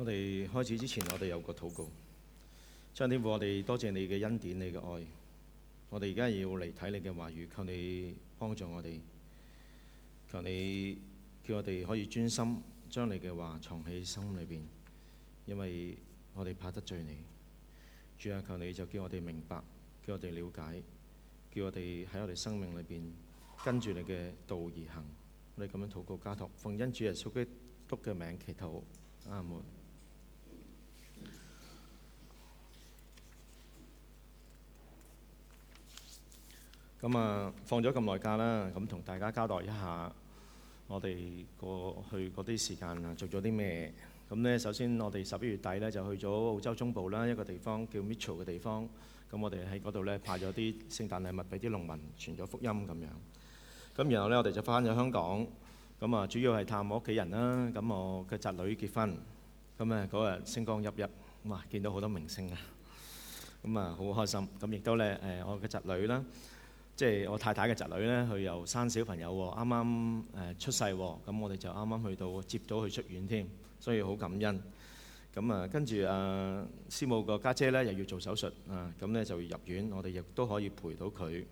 我哋開始之前，我哋有個禱告。張天父，我哋多謝你嘅恩典，你嘅愛。我哋而家要嚟睇你嘅話語，求你幫助我哋。求你叫我哋可以專心將你嘅話藏喺心裏邊，因為我哋怕得罪你。主啊，求你就叫我哋明白，叫我哋了解，叫我哋喺我哋生命裏邊跟住你嘅道而行。我哋咁樣禱告家，家託奉恩主耶穌基督嘅名祈禱，阿門。咁啊，放咗咁耐假啦，咁同大家交代一下，我哋過去嗰啲時間啊，做咗啲咩？咁呢，首先我哋十一月底呢就去咗澳洲中部啦，一個地方叫 Mitchell 嘅地方。咁我哋喺嗰度呢派咗啲聖誕禮物俾啲農民，傳咗福音咁樣。咁然後呢，我哋就翻咗香港。咁啊，主要係探我屋企人啦。咁我嘅侄女結婚。咁啊，嗰日星光熠熠，哇！見到好多明星啊，咁啊好開心。咁亦都呢誒，我嘅侄女啦。即係我太太嘅侄女咧，佢又生小朋友喎，啱啱誒出世喎，咁我哋就啱啱去到接到佢出院添，所以好感恩。咁啊，跟住啊、呃，師母個家姐咧又要做手術啊，咁咧就要入院，我哋亦都可以陪到佢。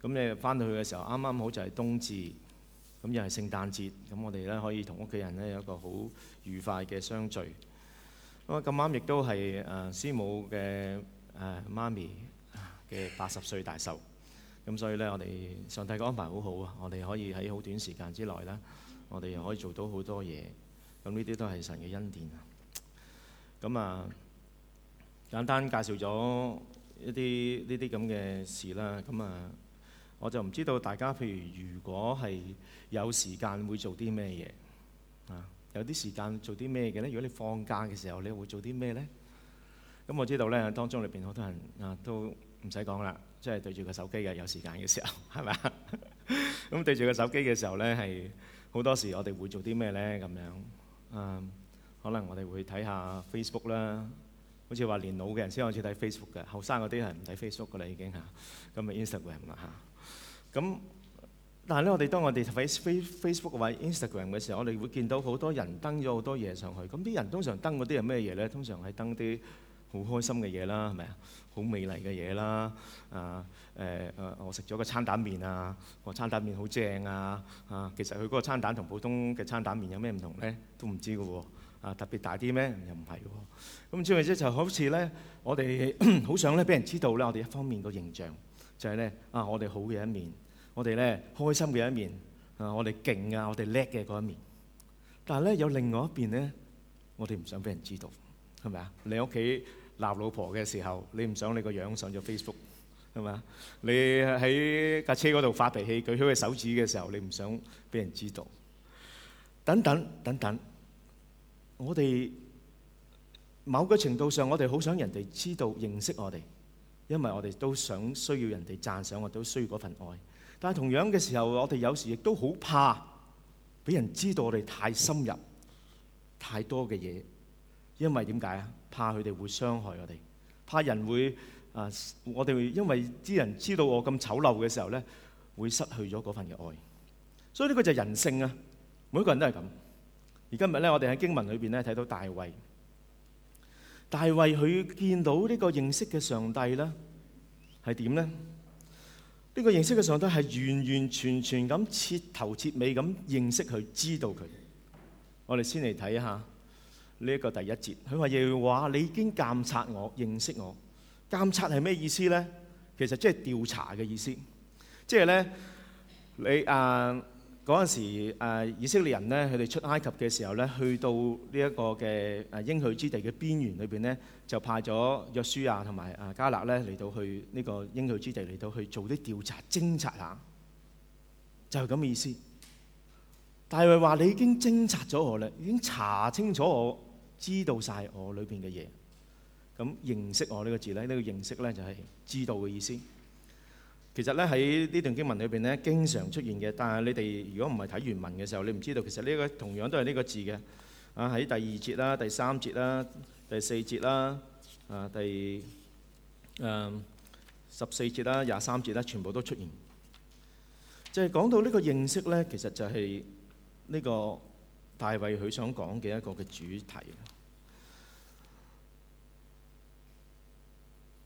咁咧翻到去嘅時候，啱啱好就係冬至，咁又係聖誕節，咁我哋咧可以同屋企人咧有一個好愉快嘅相聚。咁啊咁啱，亦都係誒師母嘅誒媽咪嘅八十歲大壽。咁所以咧，我哋上帝嘅安排好好啊！我哋可以喺好短時間之內啦，我哋又可以做到好多嘢。咁呢啲都係神嘅恩典啊！咁啊，簡單介紹咗一啲呢啲咁嘅事啦。咁啊，我就唔知道大家，譬如如果係有時間會做啲咩嘢啊？有啲時間做啲咩嘅咧？如果你放假嘅時候，你會做啲咩咧？咁我知道咧，當中裏邊好多人啊，都唔使講啦。即係對住個手機嘅，有時間嘅時候，係咪？咁對住個手機嘅時候咧，係好多時我哋會做啲咩咧咁樣？誒，可能我哋會睇下 Facebook 啦，好似話年老嘅人先開始睇 Facebook 嘅，後生嗰啲係唔睇 Facebook 嘅啦已經吓，咁咪 Instagram 啦吓。咁但係咧，我哋當我哋睇 Face Facebook 或者 Instagram 嘅時候，我哋會見到好多人登咗好多嘢上去。咁啲人通常登嗰啲係咩嘢咧？通常係登啲。好開心嘅嘢啦，係咪啊？好美麗嘅嘢啦，啊誒誒，我食咗個餐蛋麵啊，我餐蛋麵好正啊，啊，其實佢嗰個餐蛋同普通嘅餐蛋麵有咩唔同咧？都唔知嘅喎、哦，啊，特別大啲咩？又唔係喎。咁即係即就好似咧，我哋好 想咧俾人知道咧，我哋一方面個形象就係、是、咧啊，我哋好嘅一面，我哋咧開心嘅一面，啊，我哋勁啊，我哋叻嘅嗰一面。但係咧有另外一邊咧，我哋唔想俾人知道，係咪啊？你屋企，鬧老婆嘅時候，你唔想你個樣上咗 Facebook，係咪啊？你喺架車嗰度發脾氣，舉起個手指嘅時候，你唔想俾人知道，等等等等。我哋某個程度上，我哋好想人哋知道、認識我哋，因為我哋都想需要人哋讚賞，我都需要嗰份愛。但係同樣嘅時候，我哋有時亦都好怕俾人知道我哋太深入、太多嘅嘢，因為點解啊？怕佢哋會傷害我哋，怕人會啊，我哋會因為啲人知道我咁醜陋嘅時候咧，會失去咗嗰份嘅愛。所以呢個就係人性啊，每一個人都係咁。而今日咧，我哋喺經文裏邊咧睇到大衛，大衛佢見到呢個認識嘅上帝咧，係點咧？呢個認識嘅上帝係完完全全咁徹頭徹尾咁認識佢，知道佢。我哋先嚟睇下。呢一個第一節，佢話要話你已經監察我、認識我。監察係咩意思咧？其實即係調查嘅意思，即係咧你啊嗰陣時、啊、以色列人咧，佢哋出埃及嘅時候咧，去到呢一個嘅啊應許之地嘅邊緣裏邊咧，就派咗約書亞同埋啊加勒咧嚟到去呢、這個應許之地嚟到去做啲調查偵察下，就係咁嘅意思。大衛話你已經偵察咗我啦，已經查清楚我。知道晒我裏邊嘅嘢，咁認識我呢個字呢，呢個認識呢，就係知道嘅意思。其實呢，喺呢段經文裏邊呢，經常出現嘅。但係你哋如果唔係睇原文嘅時候，你唔知道其實呢個同樣都係呢個字嘅。啊，喺第二節啦、第三節啦、第四節啦、啊第十四節啦、廿三節啦，全部都出現。即係講到呢個認識呢，其實就係呢個大衛佢想講嘅一個嘅主題。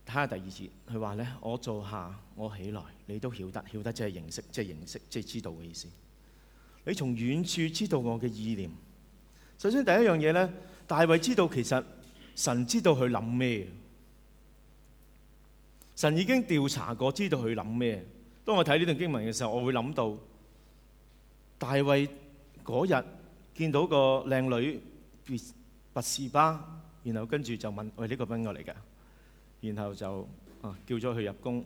睇下第二節，佢話咧：我做下，我起來，你都曉得，曉得即係認識，即係認識，即係知道嘅意思。你從遠處知道我嘅意念。首先第一樣嘢咧，大衛知道其實神知道佢諗咩，神已經調查過，知道佢諗咩。當我睇呢段經文嘅時候，我會諗到大衛嗰日見到個靚女拔示巴，然後跟住就問：喂，呢、這個邊個嚟㗎？然後就啊叫咗佢入宮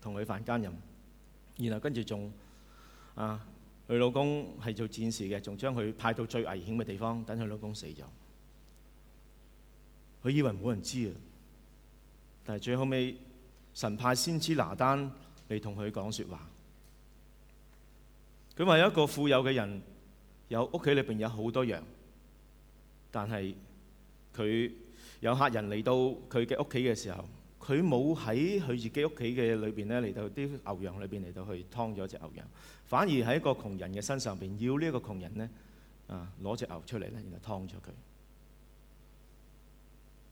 同佢犯奸淫，然後跟住仲啊佢老公係做戰士嘅，仲將佢派到最危險嘅地方，等佢老公死咗。佢以為冇人知啊，但係最後尾神派先知拿單嚟同佢講說話。佢話有一個富有嘅人，有屋企裏邊有好多羊，但係佢。有客人嚟到佢嘅屋企嘅時候，佢冇喺佢自己屋企嘅裏邊咧，嚟到啲牛羊裏邊嚟到去劏咗隻牛羊，反而喺個窮人嘅身上邊要呢一個窮人咧，啊攞隻牛出嚟咧，然後劏咗佢。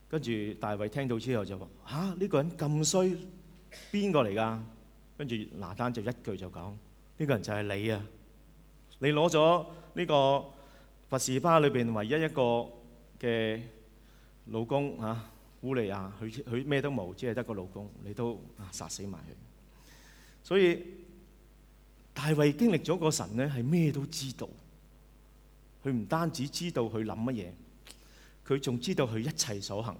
跟住大衛聽到之後就話：吓、啊，呢個人咁衰，邊個嚟㗎？跟住拿單就一句就講：呢個人就係你啊！你攞咗呢個佛士巴裏邊唯一一個嘅。老公啊，烏利亞，佢佢咩都冇，只係得個老公，你都啊殺死埋佢。所以大衛經歷咗個神咧，係咩都知道。佢唔單止知道佢諗乜嘢，佢仲知道佢一切所行。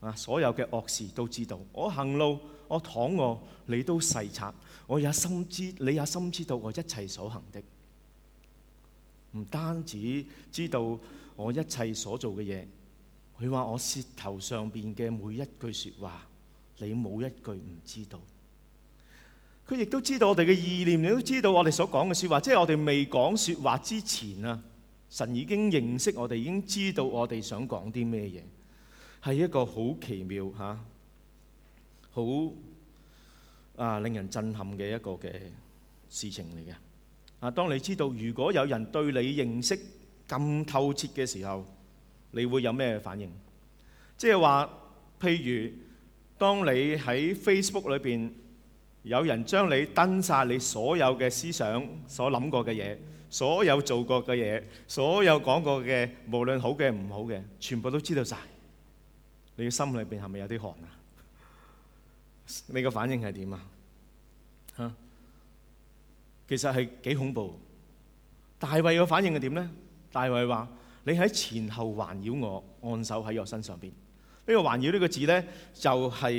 啊，所有嘅惡事都知道。我行路，我躺臥，你都細察。我也深知，你也深知到我一切所行的。唔單止知道我一切所做嘅嘢。佢話我舌頭上邊嘅每一句說話，你冇一句唔知道。佢亦都知道我哋嘅意念，你都知道我哋所講嘅說話，即係我哋未講說話之前啊，神已經認識我哋，已經知道我哋想講啲咩嘢，係一個好奇妙吓，好啊，啊令人震撼嘅一個嘅事情嚟嘅。啊，當你知道如果有人對你認識咁透徹嘅時候。你會有咩反應？即係話，譬如當你喺 Facebook 裏邊，有人將你登晒你所有嘅思想、所諗過嘅嘢、所有做過嘅嘢、所有講過嘅，無論好嘅、唔好嘅，全部都知道晒。你嘅心裏邊係咪有啲寒啊？你個反應係點啊？嚇，其實係幾恐怖。大衛嘅反應係點咧？大衛話。你喺前後環繞我，按手喺我身上邊。呢、這個環繞呢個字咧，就係、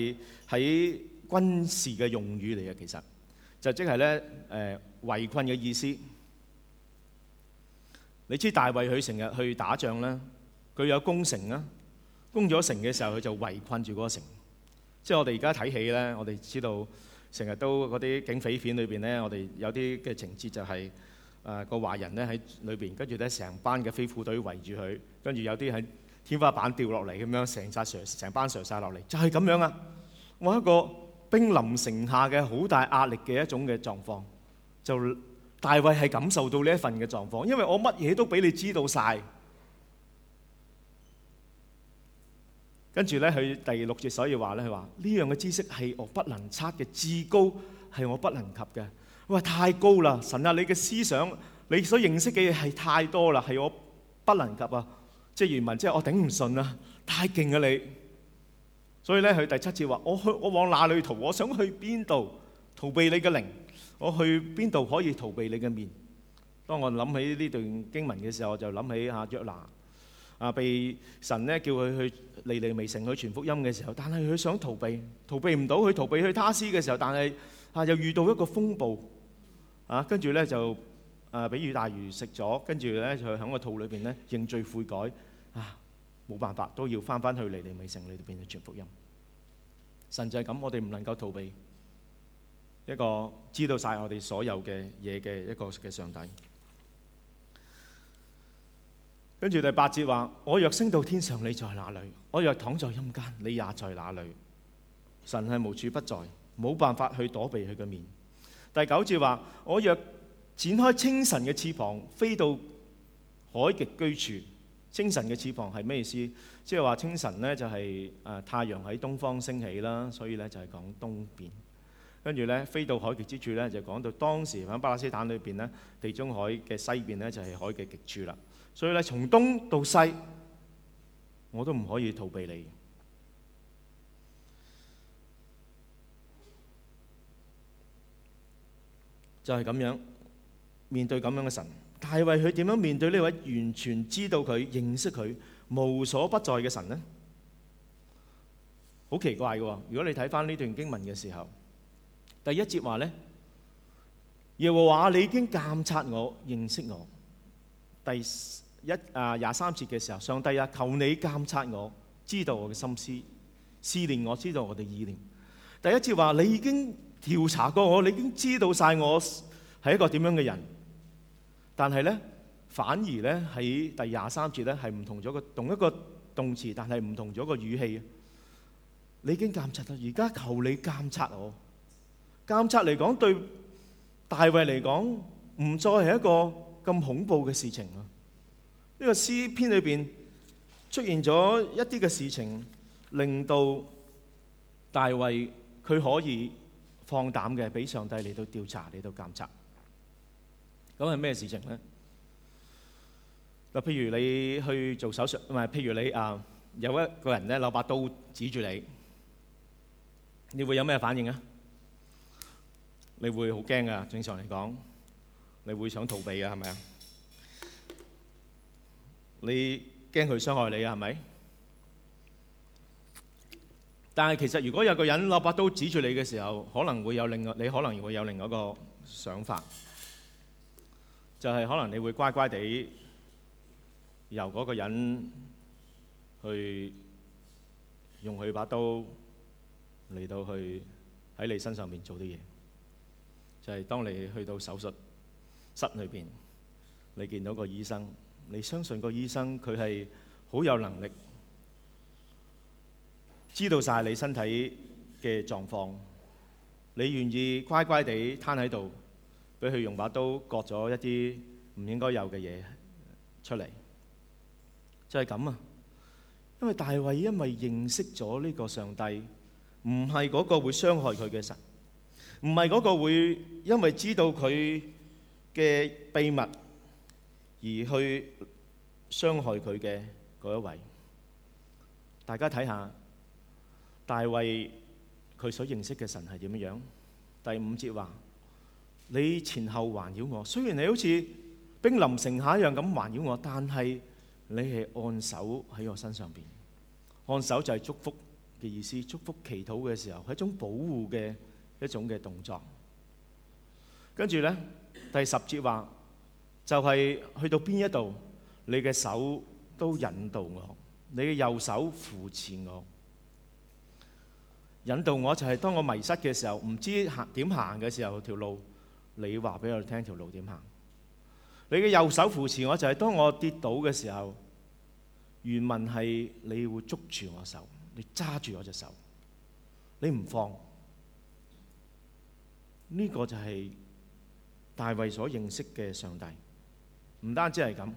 是、喺軍事嘅用語嚟嘅。其實就即係咧，誒、呃、圍困嘅意思。你知大衛佢成日去打仗啦，佢有攻城啦，攻咗城嘅時候佢就圍困住嗰個城。即係我哋而家睇戲咧，我哋知道成日都嗰啲警匪片裏邊咧，我哋有啲嘅情節就係、是。誒、呃、個華人咧喺裏邊，跟住咧成班嘅飛虎隊圍住佢，跟住有啲喺天花板掉落嚟咁樣，成扎 Sir 成班上晒落嚟，就係、是、咁樣啊！我一個兵臨城下嘅好大壓力嘅一種嘅狀況，就大衛係感受到呢一份嘅狀況，因為我乜嘢都俾你知道晒。跟住咧佢第六節所以話咧，佢話呢樣嘅知識係我不能測嘅，至高係我不能及嘅。我話太高啦！神啊，你嘅思想，你所認識嘅嘢係太多啦，係我不能及啊！即係原文即係我頂唔順啦，太勁啊你！所以咧，佢第七節話：我去，我往哪裏逃？我想去邊度逃避你嘅靈？我去邊度可以逃避你嘅面？當我諗起呢段經文嘅時候，我就諗起啊約拿啊，被神咧叫佢去尼尼微城去傳福音嘅時候，但係佢想逃避，逃避唔到，佢逃避去他施嘅時候，但係啊又遇到一個風暴。啊，跟住咧就呢，誒俾雨大魚食咗，跟住咧就喺個肚裏邊咧認罪悔改，啊冇辦法都要翻翻去嚟，嚟咪成裏邊嘅全福音。神就係咁，我哋唔能夠逃避一個知道晒我哋所有嘅嘢嘅一個嘅上帝。跟住第八節話：我若升到天上，你在哪裏？我若躺在陰間，你也在哪裏？神係無處不在，冇辦法去躲避佢嘅面。第九節話：我若展開清晨嘅翅膀，飛到海極居住。」清晨嘅翅膀係咩意思？即係話清晨呢就係、是、誒、呃、太陽喺東方升起啦，所以呢就係、是、講東邊。跟住呢，飛到海極之處呢，就講到當時喺巴勒斯坦裏邊呢，地中海嘅西邊呢，就係、是、海嘅極處啦。所以呢，從東到西，我都唔可以逃避你。就係咁樣面對咁樣嘅神，大衛佢點樣面對呢位完全知道佢、認識佢、無所不在嘅神呢？好奇怪嘅！如果你睇翻，呢段經文嘅時候，第一節話咧，耶和華你已經監察我、認識我。第一啊廿三節嘅時候，上帝啊，求你監察我，知道我嘅心思，思念我知道我哋意念。第一節話，你已經。調查過我，你已經知道晒我係一個點樣嘅人。但係咧，反而咧喺第廿三節咧係唔同咗個同一個動詞，但係唔同咗個語氣。你已經監察到，而家求你監察我。監察嚟講對大衛嚟講，唔再係一個咁恐怖嘅事情啦。呢個詩篇裏邊出現咗一啲嘅事情，令到大衛佢可以放膽嘅，俾上帝嚟到調查嚟到監察。咁係咩事情咧？嗱，譬如你去做手術，唔係譬如你啊有一個人咧攞把刀指住你，你會有咩反應啊？你會好驚噶，正常嚟講，你會想逃避啊，係咪啊？你驚佢傷害你啊，係咪？但係其實，如果有個人攞把刀指住你嘅時候，可能會有另外，你可能會有另外一個想法，就係可能你會乖乖地由嗰個人去用佢把刀嚟到去喺你身上面做啲嘢。就係當你去到手術室裏邊，你見到個醫生，你相信個醫生佢係好有能力。知道晒你身體嘅狀況，你願意乖乖地攤喺度，俾佢用把刀割咗一啲唔應該有嘅嘢出嚟，就係咁啊。因為大衛因為認識咗呢個上帝，唔係嗰個會傷害佢嘅神，唔係嗰個會因為知道佢嘅秘密而去傷害佢嘅嗰一位。大家睇下。大衛佢所認識嘅神係點樣？第五節話：你前後環繞我，雖然你好似兵臨城下一樣咁環繞我，但係你係按手喺我身上邊。按手就係祝福嘅意思，祝福祈禱嘅時候係一種保護嘅一種嘅動作。跟住呢，第十節話就係、是、去到邊一度，你嘅手都引導我，你嘅右手扶持我。引導我就係當我迷失嘅時候，唔知行點行嘅時候，條路你話俾我聽，條路點行？你嘅右手扶持我就係當我跌倒嘅時候，原文係你會捉住我手，你揸住我隻手，你唔放。呢個就係大衞所認識嘅上帝。唔單止係咁，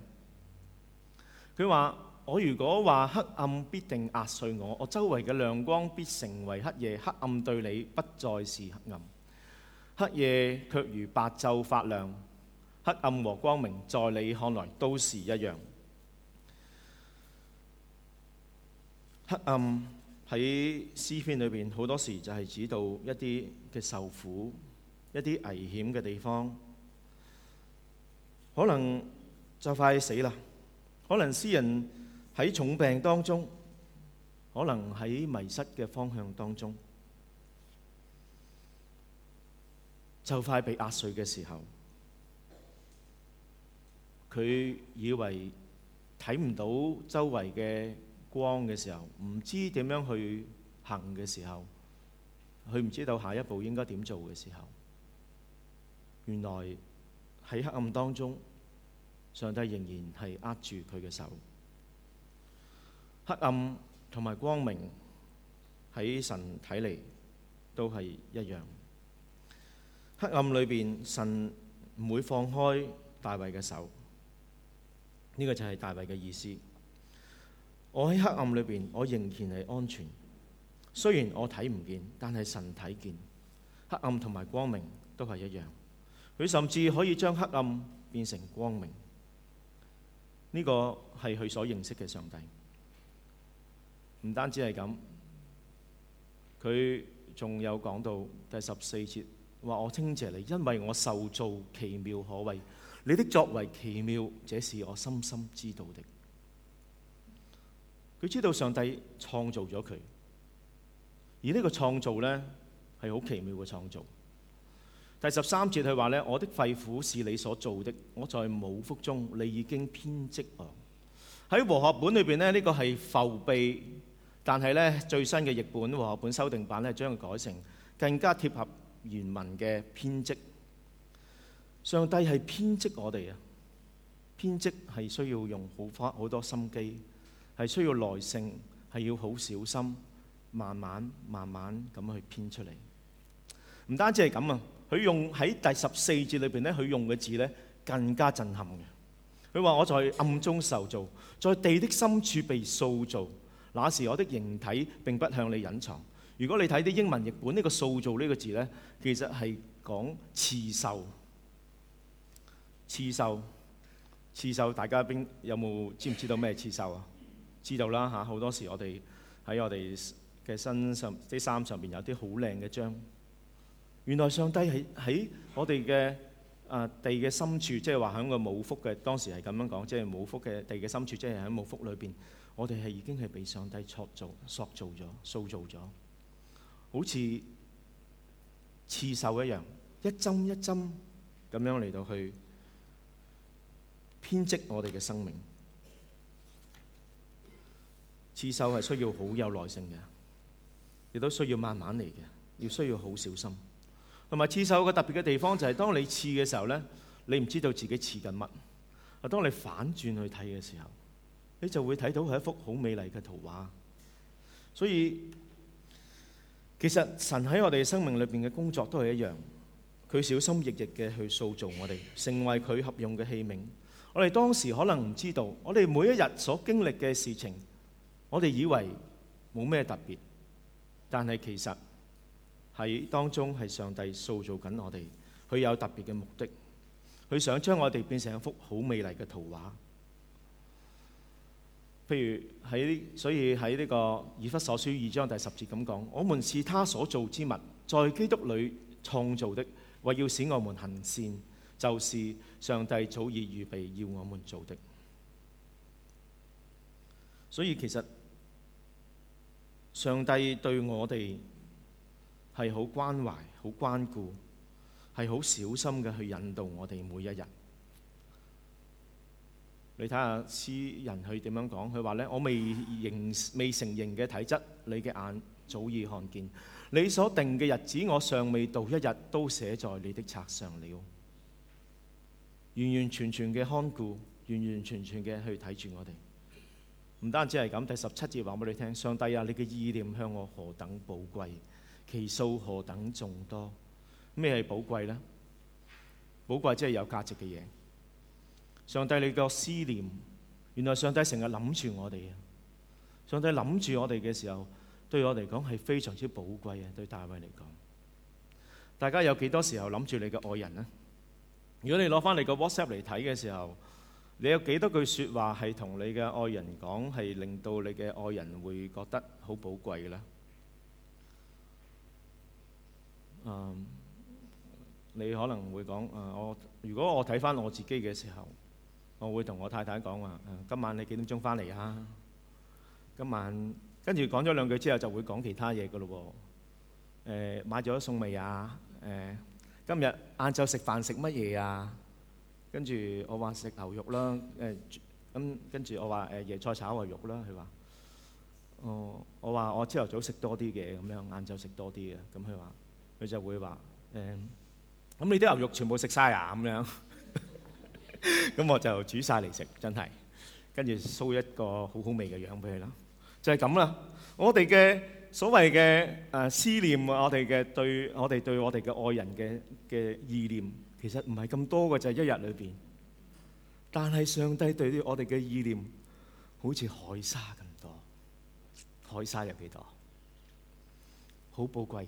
佢話。我如果話黑暗必定壓碎我，我周圍嘅亮光必成為黑夜。黑暗對你不再是黑暗，黑夜卻如白晝發亮。黑暗和光明在你看來都是一樣。黑暗喺詩篇裏邊好多時就係指到一啲嘅受苦、一啲危險嘅地方，可能就快死啦，可能詩人。喺重病當中，可能喺迷失嘅方向當中，就快被壓碎嘅時候，佢以為睇唔到周圍嘅光嘅時候，唔知點樣去行嘅時候，佢唔知道下一步應該點做嘅時候，原來喺黑暗當中，上帝仍然係握住佢嘅手。黑暗同埋光明喺神睇嚟都係一樣。黑暗裏邊，神唔會放開大衛嘅手，呢、這個就係大衛嘅意思。我喺黑暗裏邊，我仍然係安全。雖然我睇唔見，但係神睇見。黑暗同埋光明都係一樣。佢甚至可以將黑暗變成光明。呢、這個係佢所認識嘅上帝。唔單止係咁，佢仲有講到第十四節，話，我稱謝你，因為我受造奇妙可畏，你的作為奇妙，這是我深深知道的。佢知道上帝創造咗佢，而呢個創造呢，係好奇妙嘅創造。第十三節佢話呢，我的肺腑是你所造的，我在母腹中，你已經編織我。喺和合本裏邊咧，呢、呢個係覆庇。但係咧，最新嘅譯本和合本修訂版咧，將佢改成更加貼合原文嘅編織。上帝係編織我哋啊，編織係需要用好花好多心機，係需要耐性，係要好小心，慢慢慢慢咁去編出嚟。唔單止係咁啊，佢用喺第十四節裏邊咧，佢用嘅字咧更加震撼嘅。佢話：我在暗中受造，在地的深處被塑造。那時我的形體並不向你隱藏。如果你睇啲英文譯本，呢個塑造呢個字呢，其實係講刺繡、刺繡、刺繡。大家有冇知唔知道咩刺繡啊？知道啦嚇！好多時我哋喺我哋嘅身上、啲衫上面有啲好靚嘅章。原來上帝係喺我哋嘅啊地嘅深處，即係話喺個母腹嘅。當時係咁樣講，即係母腹嘅地嘅深處，即係喺母腹裏邊。我哋係已經係被上帝塑造、塑造咗、塑造咗，好似刺繡一樣，一針一針咁樣嚟到去編織我哋嘅生命。刺繡係需要好有耐性嘅，亦都需要慢慢嚟嘅，要需要好小心。同埋刺繡個特別嘅地方就係，當你刺嘅時候咧，你唔知道自己刺緊乜。啊，當你反轉去睇嘅時候。你就會睇到係一幅好美麗嘅圖畫。所以其實神喺我哋嘅生命裏邊嘅工作都係一樣，佢小心翼翼嘅去塑造我哋，成為佢合用嘅器皿。我哋當時可能唔知道，我哋每一日所經歷嘅事情，我哋以為冇咩特別，但係其實喺當中係上帝塑造緊我哋，佢有特別嘅目的，佢想將我哋變成一幅好美麗嘅圖畫。譬如喺，所以喺呢個以弗所書二章第十節咁講，我們是他所造之物，在基督裏創造的，為要使我們行善，就是上帝早已預備要我們做的。所以其實上帝對我哋係好關懷、好關顧，係好小心嘅去引導我哋每一日。你睇下詩人去點樣講，佢話咧：我未形未成形嘅體質，你嘅眼早已看見，你所定嘅日子，我尚未到一日，都寫在你的冊上了。完完全全嘅看顧，完完全全嘅去睇住我哋。唔單止係咁，第十七節話俾你聽，上帝啊，你嘅意念向我何等寶貴，其數何等眾多。咩係寶貴咧？寶貴即係有價值嘅嘢。上帝，你個思念，原來上帝成日諗住我哋啊！上帝諗住我哋嘅時候，對我嚟講係非常之寶貴啊！對大衛嚟講，大家有幾多時候諗住你嘅愛人咧？如果你攞翻你個 WhatsApp 嚟睇嘅時候，你有幾多句說話係同你嘅愛人講，係令到你嘅愛人會覺得好寶貴咧？嗯，你可能會講，誒、呃，我如果我睇翻我自己嘅時候。我會同我太太講話，今晚你幾點鐘翻嚟啊？今晚跟住講咗兩句之後，就會講其他嘢㗎咯喎。誒買咗餸未啊？誒今日晏晝食飯食乜嘢啊？跟住我話食牛肉啦，誒咁跟住我話誒椰菜炒牛肉啦，佢話，哦，我話我朝頭早食多啲嘅，咁樣晏晝食多啲嘅，咁佢話佢就會話誒，咁你啲牛肉全部食晒啊？咁樣。咁 我就煮晒嚟食，真係，跟住 show 一個好好味嘅樣俾佢啦，就係咁啦。我哋嘅所謂嘅誒思念，我哋嘅對，對我哋對我哋嘅愛人嘅嘅意念，其實唔係咁多嘅，就係一日裏邊。但係上帝對於我哋嘅意念，好似海沙咁多，海沙有幾多？好寶貴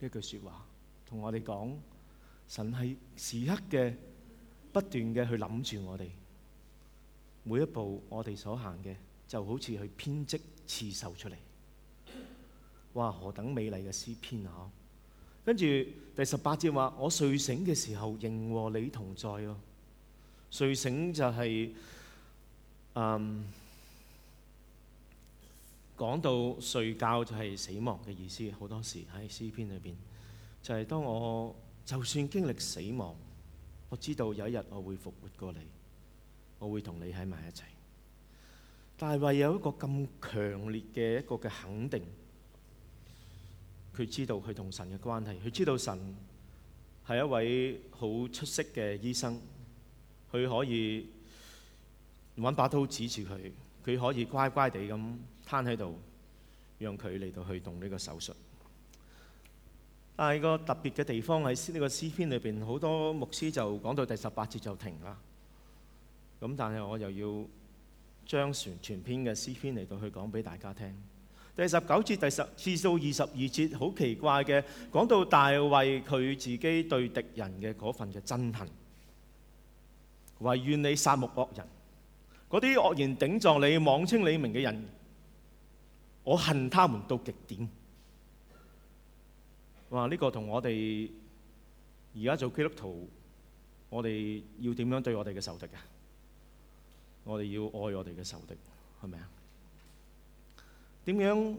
嘅一句說話，同我哋講，神係時刻嘅。不斷嘅去諗住我哋每一步，我哋所行嘅就好似去編織刺繡出嚟，哇，何等美麗嘅詩篇啊！跟住第十八節話：我睡醒嘅時候仍和你同在喎。睡醒就係嗯，講到睡覺就係死亡嘅意思。好多時喺詩篇裏邊就係當我就算經歷死亡。我知道有一日我會復活過你，我會同你喺埋一齊。大衛有一個咁強烈嘅一個嘅肯定，佢知道佢同神嘅關係，佢知道神係一位好出色嘅醫生，佢可以揾把刀指住佢，佢可以乖乖地咁攤喺度，讓佢嚟到去動呢個手術。但係個特別嘅地方喺呢個詩篇裏邊，好多牧師就講到第十八節就停啦。咁但係我又要將全全篇嘅詩篇嚟到去講俾大家聽。第十九節、第十至到二十二節，好奇怪嘅，講到大衛，佢自己對敵人嘅嗰份嘅憎恨，唯願你殺戮惡人，嗰啲惡言頂撞你、妄稱你名嘅人，我恨他們到極點。哇！呢個同我哋而家做基督徒，我哋要點樣對我哋嘅仇敵啊？我哋要愛我哋嘅仇敵，係咪啊？點樣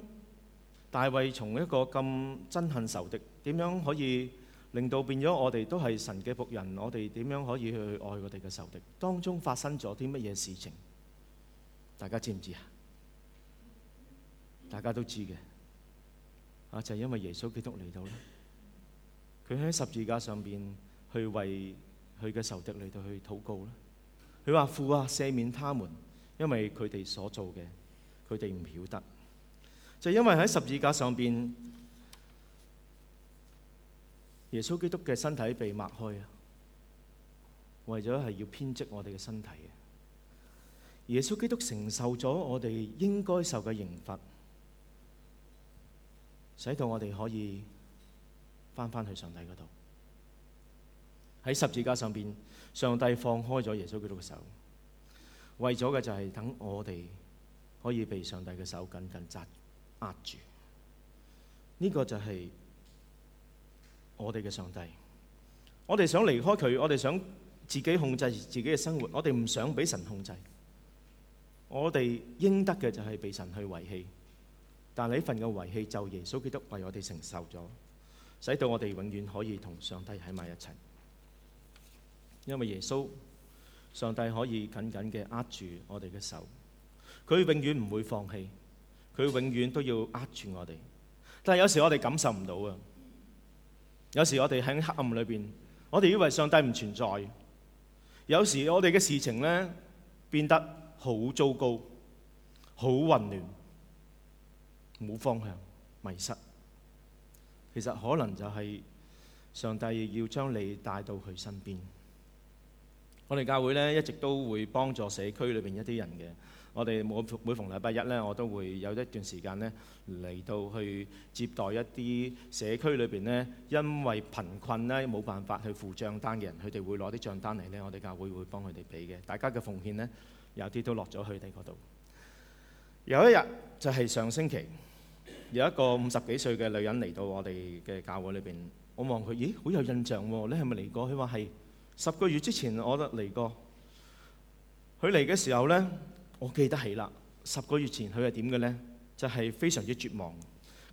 大衛從一個咁憎恨仇敵，點樣可以令到變咗我哋都係神嘅僕人？我哋點樣可以去愛我哋嘅仇敵？當中發生咗啲乜嘢事情？大家知唔知啊？大家都知嘅。啊！就係因為耶穌基督嚟到咧，佢喺十字架上邊去為佢嘅仇敵嚟到去禱告咧。佢話父啊，赦免他們，因為佢哋所做嘅，佢哋唔曉得。就係因為喺十字架上邊，耶穌基督嘅身體被擘開啊，為咗係要編織我哋嘅身體嘅。耶穌基督承受咗我哋應該受嘅刑罰。使到我哋可以翻翻去上帝嗰度，喺十字架上邊，上帝放開咗耶穌基督嘅手，為咗嘅就係等我哋可以被上帝嘅手緊緊扎握住。呢個就係我哋嘅上帝。我哋想離開佢，我哋想自己控制自己嘅生活，我哋唔想俾神控制。我哋應得嘅就係被神去遺棄。但係呢份嘅遺棄，就耶穌基督為我哋承受咗，使到我哋永遠可以同上帝喺埋一齊。因為耶穌，上帝可以緊緊嘅握住我哋嘅手，佢永遠唔會放棄，佢永遠都要握住我哋。但係有時我哋感受唔到啊，有時我哋喺黑暗裏邊，我哋以為上帝唔存在。有時我哋嘅事情咧變得好糟糕，好混亂。冇方向，迷失。其實可能就係上帝要將你帶到佢身邊。我哋教會呢，一直都會幫助社區裏邊一啲人嘅。我哋每每逢禮拜一呢，我都會有一段時間呢嚟到去接待一啲社區裏邊呢，因為貧困呢冇辦法去付帳單嘅人，佢哋會攞啲帳單嚟呢，我哋教會會幫佢哋俾嘅。大家嘅奉獻呢，有啲都落咗去佢哋嗰度。有一日就係、是、上星期，有一個五十幾歲嘅女人嚟到我哋嘅教會裏邊。我望佢，咦，好有印象喎、啊！你係咪嚟過？佢話係十個月之前我得嚟過。佢嚟嘅時候呢，我記得起啦。十個月前佢係點嘅呢？就係、是、非常之絕望。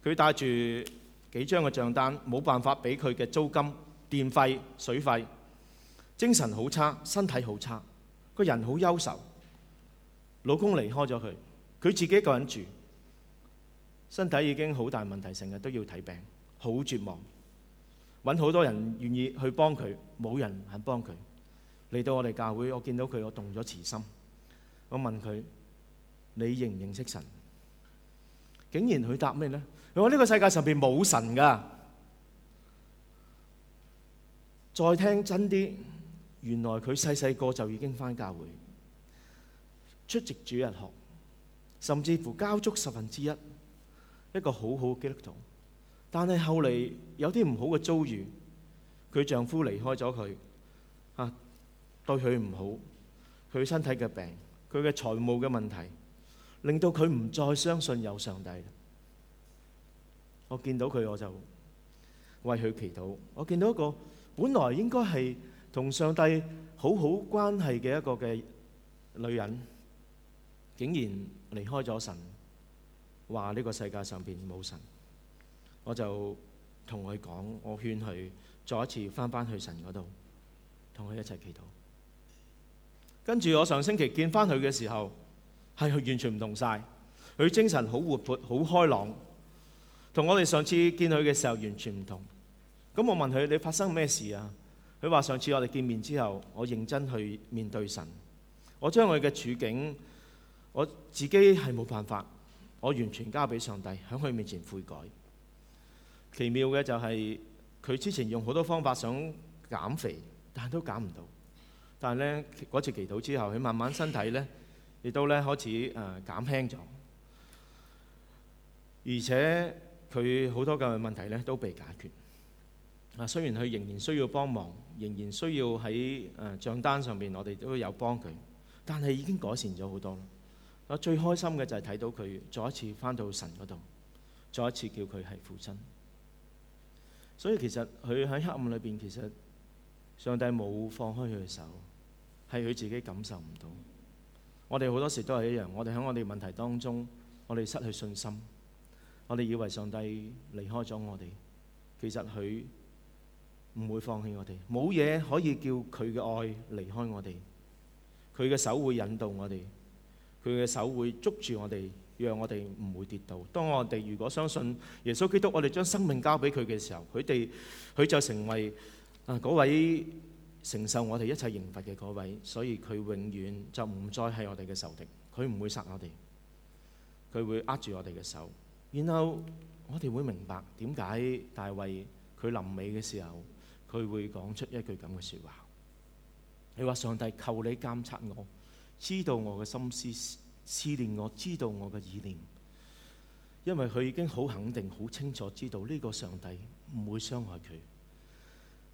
佢帶住幾張嘅帳單，冇辦法俾佢嘅租金、電費、水費。精神好差，身體好差，個人好憂愁。老公離開咗佢。佢自己一個人住，身體已經好大問題，成日都要睇病，好絕望。揾好多人願意去幫佢，冇人肯幫佢。嚟到我哋教會，我見到佢，我動咗慈心。我問佢：你認唔認識神？竟然佢答咩咧？佢話呢個世界上邊冇神噶。再聽真啲，原來佢細細個就已經翻教會，出席主日學。甚至乎交足十分之一，一個好好嘅基督徒，但係後嚟有啲唔好嘅遭遇，佢丈夫離開咗佢，嚇、啊、對佢唔好，佢身體嘅病，佢嘅財務嘅問題，令到佢唔再相信有上帝。我見到佢，我就為佢祈禱。我見到一個本來應該係同上帝好好關係嘅一個嘅女人，竟然～離開咗神，話呢個世界上邊冇神，我就同佢講，我勸佢再一次翻返去神嗰度，同佢一齊祈禱。跟住我上星期見翻佢嘅時候，係佢完全唔同晒，佢精神好活潑，好開朗，同我哋上次見佢嘅時候完全唔同。咁我問佢你發生咩事啊？佢話，上次我哋見面之後，我認真去面對神，我將佢嘅處境。我自己係冇辦法，我完全交俾上帝，喺佢面前悔改。奇妙嘅就係，佢之前用好多方法想減肥，但都減唔到。但係咧嗰次祈禱之後，佢慢慢身體咧亦都咧開始誒減輕咗，而且佢好多嘅問題咧都被解決。啊，雖然佢仍然需要幫忙，仍然需要喺誒帳單上面我哋都有幫佢，但係已經改善咗好多。我最開心嘅就係睇到佢再一次返到神嗰度，再一次叫佢係父親。所以其實佢喺黑暗裏邊，其實上帝冇放開佢嘅手，係佢自己感受唔到。我哋好多時都係一樣，我哋喺我哋問題當中，我哋失去信心，我哋以為上帝離開咗我哋。其實佢唔會放棄我哋，冇嘢可以叫佢嘅愛離開我哋，佢嘅手會引導我哋。佢嘅手會捉住我哋，讓我哋唔會跌倒。當我哋如果相信耶穌基督，我哋將生命交俾佢嘅時候，佢哋佢就成為啊嗰位承受我哋一切刑罰嘅嗰位。所以佢永遠就唔再係我哋嘅仇敵，佢唔會殺我哋。佢會握住我哋嘅手，然後我哋會明白點解大衛佢臨尾嘅時候，佢會講出一句咁嘅説話：你話上帝求你監察我。知道我嘅心思思念我，知道我嘅意念，因為佢已經好肯定、好清楚知道呢個上帝唔會傷害佢，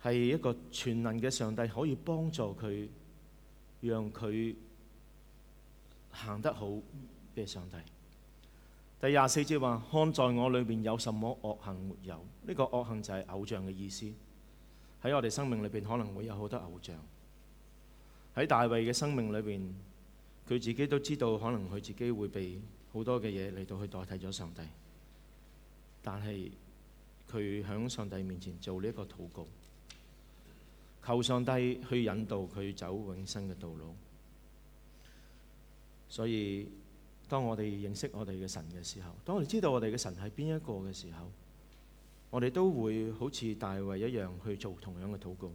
係一個全能嘅上帝，可以幫助佢，讓佢行得好嘅上帝。第廿四節話：看在我裏邊有什麼惡行沒有？呢個惡行就係偶像嘅意思。喺我哋生命裏邊可能會有好多偶像。喺大衛嘅生命裏邊。佢自己都知道，可能佢自己會被好多嘅嘢嚟到去代替咗上帝。但係佢響上帝面前做呢一個禱告，求上帝去引導佢走永生嘅道路。所以，當我哋認識我哋嘅神嘅時候，當我哋知道我哋嘅神係邊一個嘅時候，我哋都會好似大衛一樣去做同樣嘅禱告，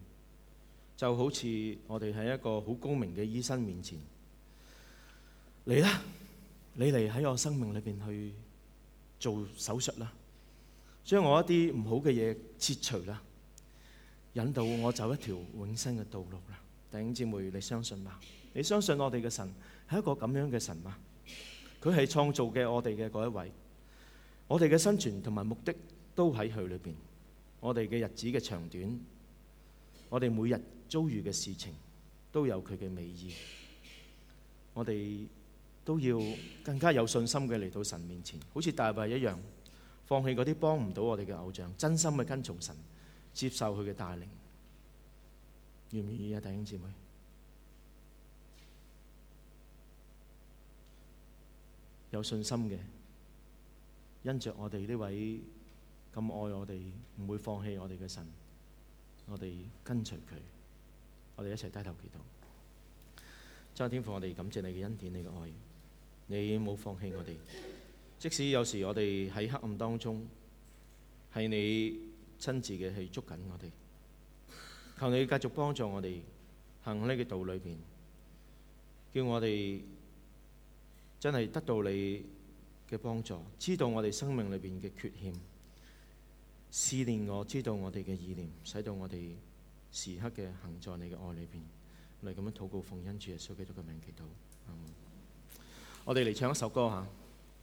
就好似我哋喺一個好高明嘅醫生面前。嚟啦，你嚟喺我生命裏邊去做手術啦，將我一啲唔好嘅嘢切除啦，引導我走一條永生嘅道路啦。弟兄姊妹，你相信嗎？你相信我哋嘅神係一個咁樣嘅神嗎？佢係創造嘅我哋嘅嗰一位，我哋嘅生存同埋目的都喺佢裏邊，我哋嘅日子嘅長短，我哋每日遭遇嘅事情都有佢嘅美意，我哋，都要更加有信心嘅嚟到神面前，好似大衛一樣，放棄嗰啲幫唔到我哋嘅偶像，真心嘅跟從神，接受佢嘅帶領，願唔願意啊弟兄姊妹？有信心嘅，因着我哋呢位咁愛我哋，唔會放棄我哋嘅神，我哋跟隨佢，我哋一齊低頭祈禱。真主天父，我哋感謝你嘅恩典，你嘅愛。你冇放棄我哋，即使有時我哋喺黑暗當中，係你親自嘅去捉緊我哋。求你繼續幫助我哋行呢個道裏邊，叫我哋真係得到你嘅幫助，知道我哋生命裏邊嘅缺陷，試煉我知道我哋嘅意念，使到我哋時刻嘅行在你嘅愛裏邊。嚟，咁樣禱告奉恩主耶穌基督嘅名祈禱。嗯我哋嚟唱一首歌吓。